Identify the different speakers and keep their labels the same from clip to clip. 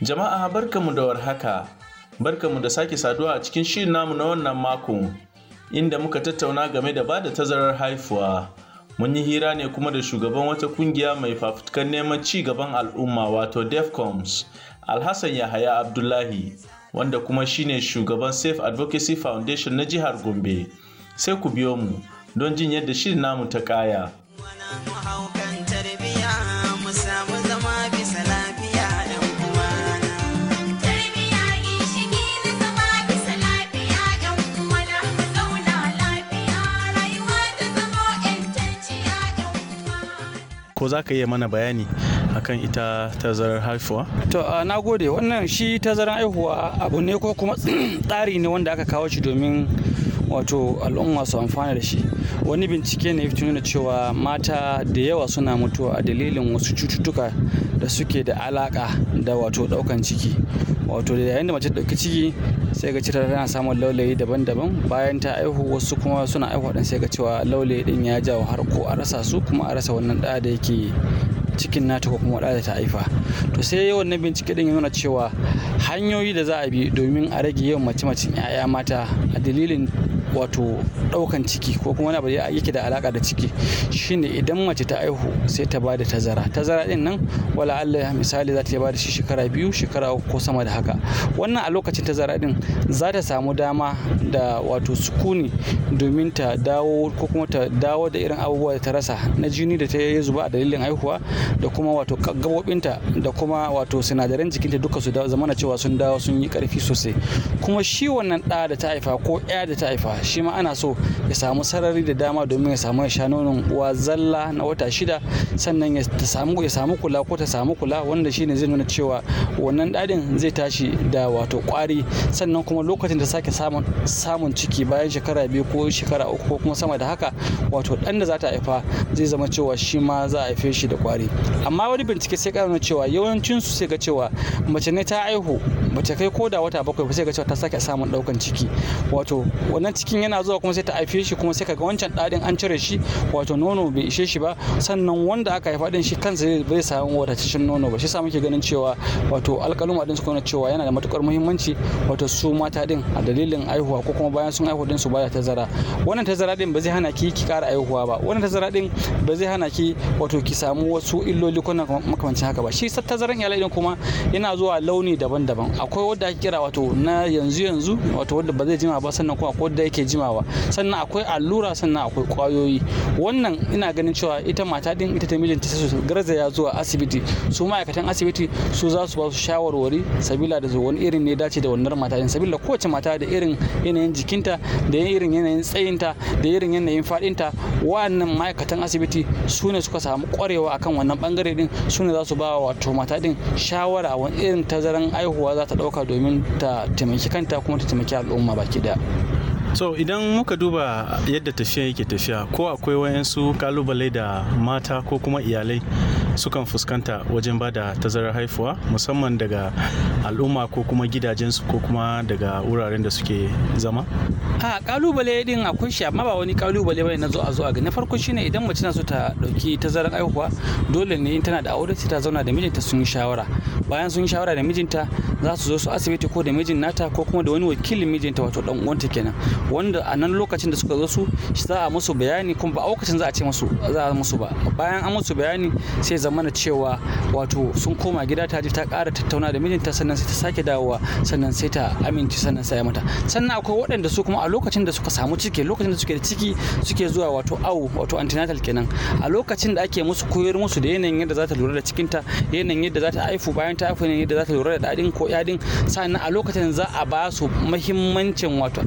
Speaker 1: Jama'a barka mu da warhaka, barka mu da sake saduwa a cikin shirin namu na wannan makon, inda muka tattauna game da bada tazarar haifuwa. Mun yi hira ne kuma da shugaban wata kungiya mai fafutukan neman ci gaban al'umma wato DEFCOMS, Alhassan Yahaya Abdullahi, wanda kuma shine shugaban Safe Advocacy Foundation na jihar Gombe. Sai ku biyo mu don jin yadda shirin namu ta kaya. ko za ka iya mana bayani akan
Speaker 2: ita tazarar haihuwa? To na gode wannan shi tazarar haihuwa abu ne ko kuma tsari ne wanda aka kawo shi domin wato al'umma su amfana da shi wani bincike ne fito nuna cewa mata da yawa suna mutuwa a dalilin wasu cututtuka da suke da alaka da wato daukan ciki wato da yayin da mace dauki ciki sai ga cewa tana samun laulayi daban-daban bayan ta aihu wasu kuma suna aihu ɗin sai ga cewa laulayi ɗin ya jawo har ko a rasa su kuma a rasa wannan ɗa da yake cikin nata ko kuma ɗa da ta haifa to sai yawan na bincike ɗin ya nuna cewa hanyoyi da za a bi domin a rage yawan mace-macen 'ya'ya mata a dalilin wato ɗaukan ciki ko kuma wani abu yake da alaka da ciki shine idan mace ta aihu sai ta bada tazara tazara din nan wala Allah misali za ta bada shi shekara biyu shekara uku ko sama da haka wannan a lokacin tazara din za ta samu dama da wato sukuni domin ta dawo ko kuma ta dawo da irin abubuwa da ta rasa na jini da ta yi zuba a dalilin haihuwa da kuma wato gabobinta da kuma wato sinadaran jikinta duka su zamana cewa sun dawo sun yi karfi sosai kuma shi wannan da ta haifa ko 'ya da ta haifa shi ma ana so ya samu sarari da dama domin ya samu ya sha nonon uwa zalla na wata shida sannan ya samu kula ko ta samu kula wanda shine zai nuna cewa wannan ɗadin zai tashi da wato kwari sannan kuma lokacin da sake samun samun ciki bayan shekara biyu ko shekara uku ko kuma sama da haka wato ɗan da za ta haifa zai zama cewa shi ma za a haife shi da kwari amma wani bincike sai ƙara cewa yawancin su sai ga cewa mace ne ta aihu mace kai ko da wata bakwai sai ga cewa ta sake samun ɗaukan ciki wato wannan ciki cikin yana zuwa kuma sai ta haife shi kuma sai kaga wancan ɗadin an cire shi wato nono bai ishe shi ba sannan wanda aka haifa din shi kansa bai samu wadataccen nono ba shi sa muke ganin cewa wato alƙaluma din su kuma cewa yana da matukar muhimmanci wato su mata din a dalilin aihuwa ko kuma bayan sun aihu din su bada tazara wannan tazara din ba zai hana ki ki ƙara aihuwa ba wannan tazara din ba zai hana ki wato ki samu wasu illoli kuna makamancin haka ba shi tazaran iyalai din kuma yana zuwa launi daban-daban akwai wanda ake kira wato na yanzu yanzu wato wanda ba zai jima ba sannan kuma akwai wanda yake ake jimawa sannan akwai allura sannan akwai kwayoyi wannan ina ganin cewa ita mata din ita ta mijinta su garzaya zuwa asibiti su ma'aikatan asibiti su za su ba su shawarwari sabila da wani irin ne dace da wannan mata din sabila kowace mata da irin yanayin jikinta da irin yanayin tsayinta da irin yanayin fadinta wannan ma'aikatan asibiti su ne suka samu kwarewa akan wannan bangare din su ne za su ba wato mata din shawara wani irin tazaran aihuwa za ta dauka domin ta taimaki kanta kuma ta taimaki al'umma baki daya
Speaker 1: so idan muka duba yadda tafiya yake tafiya ko akwai wayansu kalubale da mata ko kuma iyalai sukan fuskanta wajen ba da tazarar haifuwa musamman daga al'umma ko kuma gidajensu ko kuma daga wuraren da suke zama?
Speaker 2: a kalubale din akwai kunshi amma ba wani kalubale bane na zo a zo a ga na farko shine idan mace na so ta dauki tazarar haihuwa dole ne in tana da aure sai ta zauna da mijinta sun yi shawara bayan sun yi shawara da mijinta za su zo su asibiti ko da mijin nata ko kuma da wani wakilin mijinta wato dan uwanta kenan wanda a nan lokacin da suka zo su za a musu bayani kuma ba a lokacin za a ce musu za a musu ba bayan an musu bayani sai zamana cewa wato sun koma gida ta je ta ƙara tattauna da mijinta sannan sai ta sake dawowa sannan sai ta amince sannan sai mata sannan akwai waɗanda su kuma a lokacin da suka samu ciki lokacin da suke da ciki suke zuwa wato awo wato antenatal kenan a lokacin da ake musu koyar musu da yanayin yadda za ta lura da cikinta yanayin yadda za ta haifu bayan ta haifu yanayin yadda za ta lura da ɗaɗin ko yaɗin sannan a lokacin za a ba su muhimmancin wato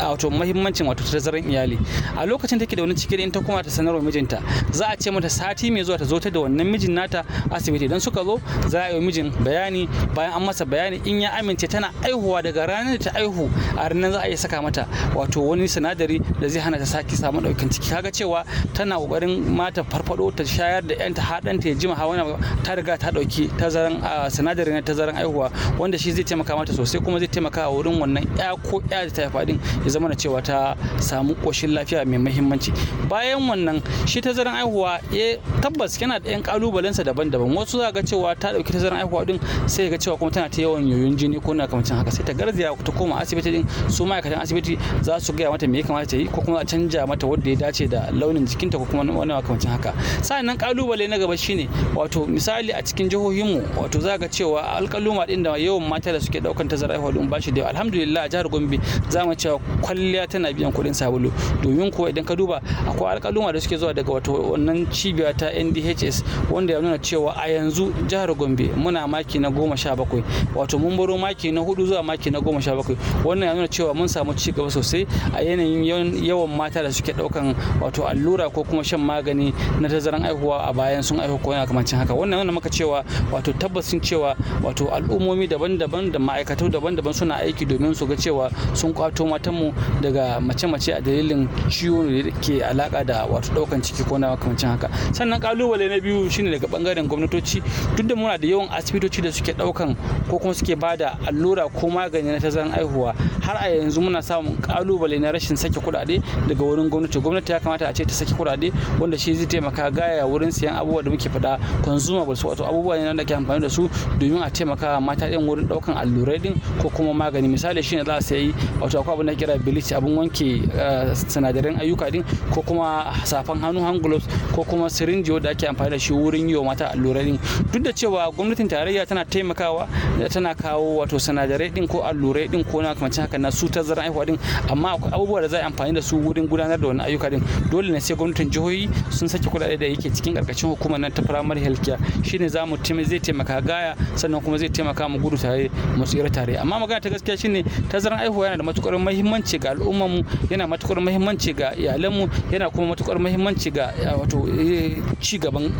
Speaker 2: a wato mahimmancin wato tazaran iyali a lokacin take da wani ciki in ta kuma ta sanarwa mijinta za a ce mata sati mai zuwa ta zo ta da wannan mijin nata asibiti idan suka zo za a yi mijin bayani bayan an masa bayani in ya amince tana aihuwa daga ranar da ta aihu a ranar za a iya saka mata wato wani sinadari da zai hana ta sake samu daukan ciki kaga cewa tana kokarin mata farfado ta shayar da yanta ɗanta ya jima hawa ta riga ta dauki tazaran sinadari na tazaran aihuwa wanda shi zai taimaka mata sosai kuma zai taimaka a wurin wannan ya ko ya da ta faɗin ya zama da cewa ta samu koshin lafiya mai mahimmanci bayan wannan shi zaren aihuwa ya eh, tabbas yana da yan kalubalensa daban-daban wasu za ga cewa ta dauki zaren aihuwa din sai ga cewa kuma tana ta yawan yoyon jini ko na kamacin haka sai ta garzaya ta koma asibiti din su ma'aikatan asibiti za su gaya mata me ya kamata ta yi ko kuma a canja mata wanda ya dace da launin jikinta ko kuma wani makamancin haka sa'annan kalubale na gaba shine wato misali a cikin jihohinmu wato za ga cewa alkaluma din da yawan mata da suke daukan tazarar aihuwa din shi da alhamdulillah a jihar Gombe za mu cewa kwalliya tana biyan kuɗin sabulu domin kuwa idan ka duba akwai alƙaluma da suke zuwa daga wato wannan cibiya ta ndhs wanda ya nuna cewa a yanzu jihar gombe muna maki na goma sha bakwai wato mun baro maki na hudu zuwa maki na goma sha bakwai wannan ya nuna cewa mun samu ci gaba sosai a yanayin yawan mata da suke ɗaukan wato allura ko kuma shan magani na tazaran aihuwa a bayan sun aihu ko yana kamancin haka wannan nuna maka cewa wato tabbasin cewa wato al'ummomi daban-daban da ma'aikatu daban-daban suna aiki domin su ga cewa sun kwato matan samu daga mace-mace a dalilin ciwo da ke alaka da wato daukan ciki ko na makamancin haka sannan kalubale na biyu shine daga bangaren gwamnatoci duk da muna da yawan asibitoci da suke daukan ko kuma suke bada allura ko magani na tazaran aihuwa har a yanzu muna samun kalubale na rashin sake kudade daga wurin gwamnati gwamnati ya kamata a ce ta sake kudade, wanda shi zai taimaka gaya wurin siyan abubuwa da muke faɗa consumables wato abubuwa ne da ke amfani da su domin a taimaka mata ɗin wurin daukan allurai din ko kuma magani misali shine za a sayi wato akwai abin da kira da bilici abin wanke eh, sinadaran ayyuka din ko kuma safan hannu hand gloves ko kuma sirinji wanda ake amfani da shi wurin yi wa mata allura din duk da cewa gwamnatin tarayya tana taimakawa tana kawo wato sinadarai din ko allurai din ko na kamancin haka na su tazara aihuwa din amma akwai abubuwa da za a amfani da su wurin gudanar da wannan ayyuka din dole ne sai gwamnatin jihohi sun saki kuɗaɗe da yake cikin karkashin hukumar nan ta primary health care shine za mu zai taimaka gaya sannan kuma zai taimaka mu gudu tare mu tsira tare amma magana ta gaskiya shine tazaran aihuwa yana da matukar muhimmanci muhimmanci ga al'ummarmu yana matukar muhimmanci ga iyalanmu yana kuma matukar muhimmanci ga eh, wato eh, ci gaban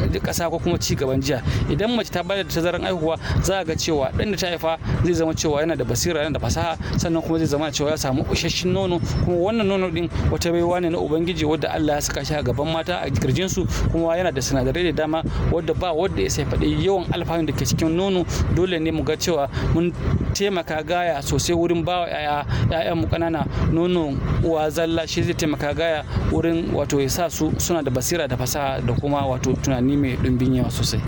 Speaker 2: ko kuma ci gaban jiya idan mace ta bada tazaran haihuwa za ga cewa ɗan da ta haifa zai zama cewa yana da basira yana da fasaha sannan kuma zai zama cewa ya samu isasshen nono kuma wannan nono din wata baiwa ne na ubangiji wanda Allah ya saka shi a gaban mata a kirjin su kuma yana da sinadarai da dama wanda ba wanda ya sai faɗi yawan alfanu da ke cikin nono dole ne mu ga cewa mun taimaka gaya sosai wurin ba wa 'ya'ya mu ƙanana nonon uwa zalla shi zai taimaka gaya wurin wato ya sa su suna da basira da fasaha da kuma wato tunani mai dumbin yawa sosai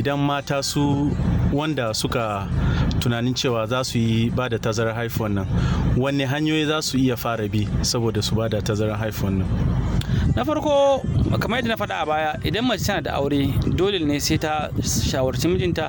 Speaker 1: idan mata su wanda suka tunanin cewa za su yi ba da tazarar haifuwan nan wanne hanyoyi za su iya fara bi saboda su ba da tazarar haifuwan nan
Speaker 2: na farko kamar yadda na faɗa a baya idan mace tana da aure dole ne sai ta shawarci mijinta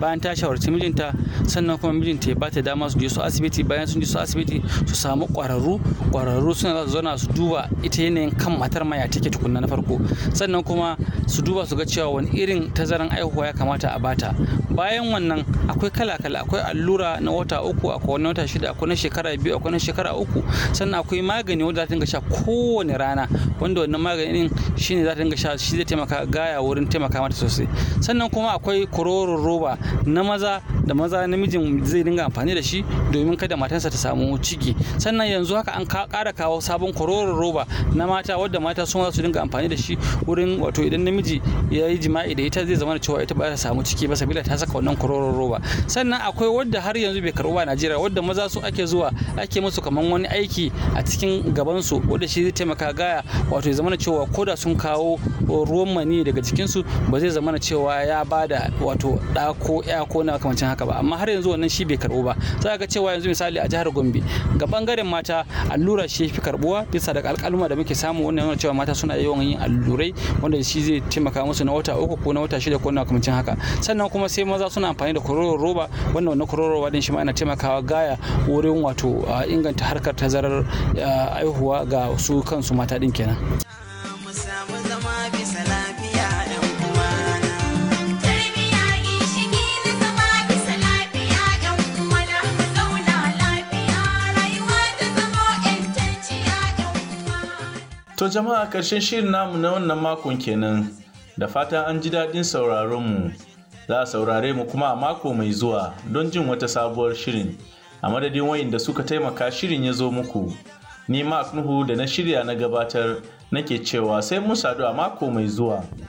Speaker 2: bayan ta shawarci mijinta sannan kuma mijinta ya bata dama su je su asibiti bayan sun je su asibiti su samu ƙwararru ƙwararru suna za su zauna su duba ita yanayin kan matar maya take tukunna na farko sannan kuma su duba su ga cewa wani irin tazaran aihuwa ya kamata a bata bayan wannan akwai kala-kala akwai allura na wata uku akwai kowane wata shida akwai na shekara biyu akwai na shekara uku sannan akwai magani wanda za ta dinga sha kowane rana wanda wannan maganin shine za ta dinga sha shi zai taimaka gaya wurin taimaka mata sosai sannan kuma akwai kororon roba na maza da maza namijin zai dinga amfani da shi domin kada matansa ta samu ciki sannan yanzu haka an kara kawo sabon kororon roba na mata wadda mata sun za su dinga amfani da shi wurin wato idan namiji ya yi jima'i da ita zai zama da cewa ita ba ta samu ciki ba sabila ta saka wannan kororon roba sannan akwai wadda har yanzu bai karɓa a Najeriya wadda maza su ake zuwa ake musu kaman wani aiki a cikin gabansu wadda shi zai taimaka gaya wato zamana cewa da sun kawo ruwan mani daga cikinsu ba zai zamana cewa ya bada wato ɗa ko ya ko na kamancin haka ba amma har yanzu wannan shi bai karɓo ba za ga cewa yanzu misali a jihar gombe ga bangaren mata allura shi fi karɓuwa bisa daga alƙaluma da muke samu wannan yana cewa mata suna yawan yin allurai wanda shi zai taimaka musu na wata uku ko na wata shida ko na kamancin haka sannan kuma sai maza suna amfani da kororon roba wannan wannan kororon roba din shi ma yana taimakawa gaya wurin wato inganta harkar tazarar aihuwa ga su kansu mata din kenan
Speaker 1: To jama'a ƙarshen shirin namu na wannan makon kenan da fatan an ji daɗin sauraronmu za a saurare mu kuma a mako mai zuwa don jin wata sabuwar shirin a madadin wayanda suka taimaka shirin ya zo muku. Ni Mark Nuhu da na shirya na gabatar nake cewa sai mun sadu a mako mai zuwa.